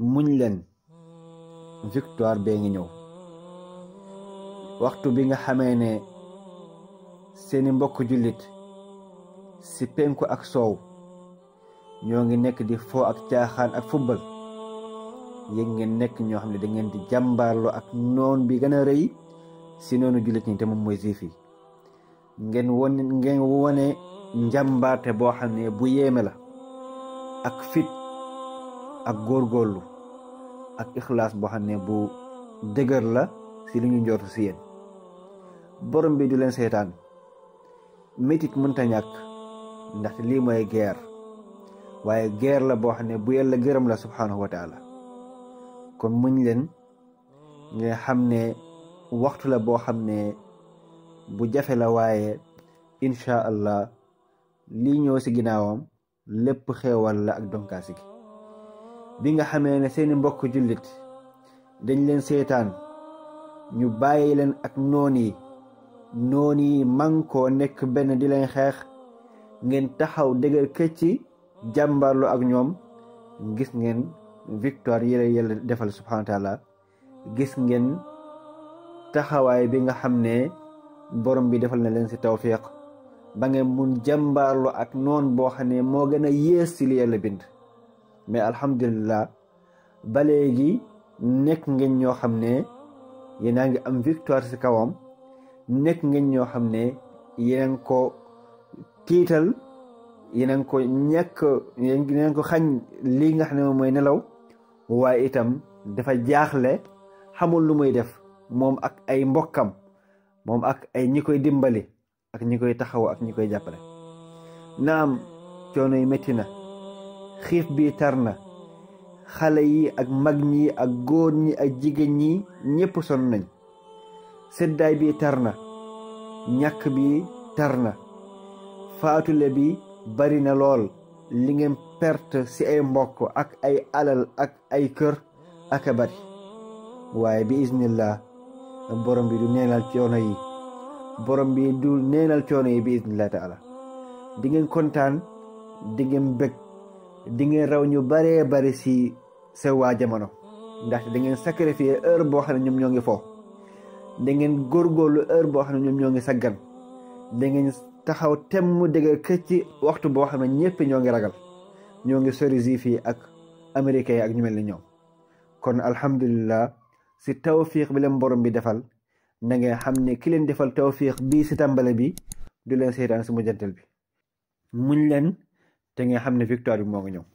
muñ leen victoire bee ngi ñëw waxtu bi nga xamee ne seeni mbokk jullit si penku ak soow ñoo ngi nekk di foo ak caaxaan ak football yéen ngeen nekk ñoo xam ne da di jàmbaarloo ak noon bi gën a rëy si noonu jullit ñi te moom mooy juif ngeen won ngeen wone njàmbaarte boo xam ne bu yéeme la ak fit ak góorgóorlu ak ixlaas boo xam ne bu dëgër la si li ñu njortu si yéen borom bi du leen seetaan métit mënta ñàkk ndaxte lii mooy guerre waaye guerre la boo xam ne bu yàlla gërëm la subhaanahu wa taala kon muñ leen nga xam ne waxtu la boo xam ne bu jafe la waaye incha allah lii ñëw si ginnaawam lépp xewal la ak donkaasi gi bi nga xamee ne seeni mbokk jullit dañ leen seetaan ñu bàyyi leen ak noon yi noon yi mànkoo nekk benn di leen xeex ngeen taxaw dëgër këcc ci jàmbarlu ak ñoom gis ngeen victoire yi la defal subhanahu wa gis ngeen taxawaay bi nga xam ne borom bi defal na leen si tawfiq ba ngeen mun jàmbaarlu ak noon boo xam ne moo gën a yées si li bind mais alhamdulillah ba léegi nekk ngeen ñoo xam ne yéena ngi am victoire si kawam nekk ngeen ñoo xam ne yéena ngi ko tiital yéena ko ñàkk yéena ngi ko xañ lii nga xam ne moom mooy nelaw waaye itam dafa jaaxle xamul lu muy def moom ak ay mbokkam moom ak ay ñi koy dimbali ak ñi koy taxaw ak ñi koy jàppale naam coono yi métti na xiif bi tar na xale yi ak mag ñi ak góor ñi ak jigéen ñi ñépp sonn nañ seddaay bi tar na ñàkk bi tar na faatule bi bari na lool li ngeen pert ci ay mbokk ak ay alal ak ay kër ak a bari waaye bi iznillah borom bi du neenal coono yi borom bi du neenal coono yi bi iznillah taala di ngeen kontaan di ngeen bëgg di ngeen raw ñu baree bari si seen waa jamono ndaxte da ngeen sacrifier heure boo xam ne ñoom ñoo ngi fo da ngeen góorgóorlu heure boo xam ne ñoom ñoo ngi saggan da ngeen taxaw temm dëgër kër ci waxtu boo xam ne ñëpp ñoo ngi ragal ñoo ngi sori juif yi ak américains yi ak ñu mel ni ñoom kon alhamdulillah si tawfiq bi leen borom bi defal na ngeen xam ne ki leen defal tawfiq bii si tàmbale bi du leen seytaan si mujjantal bi muñ te nga xam ne victoire bi moo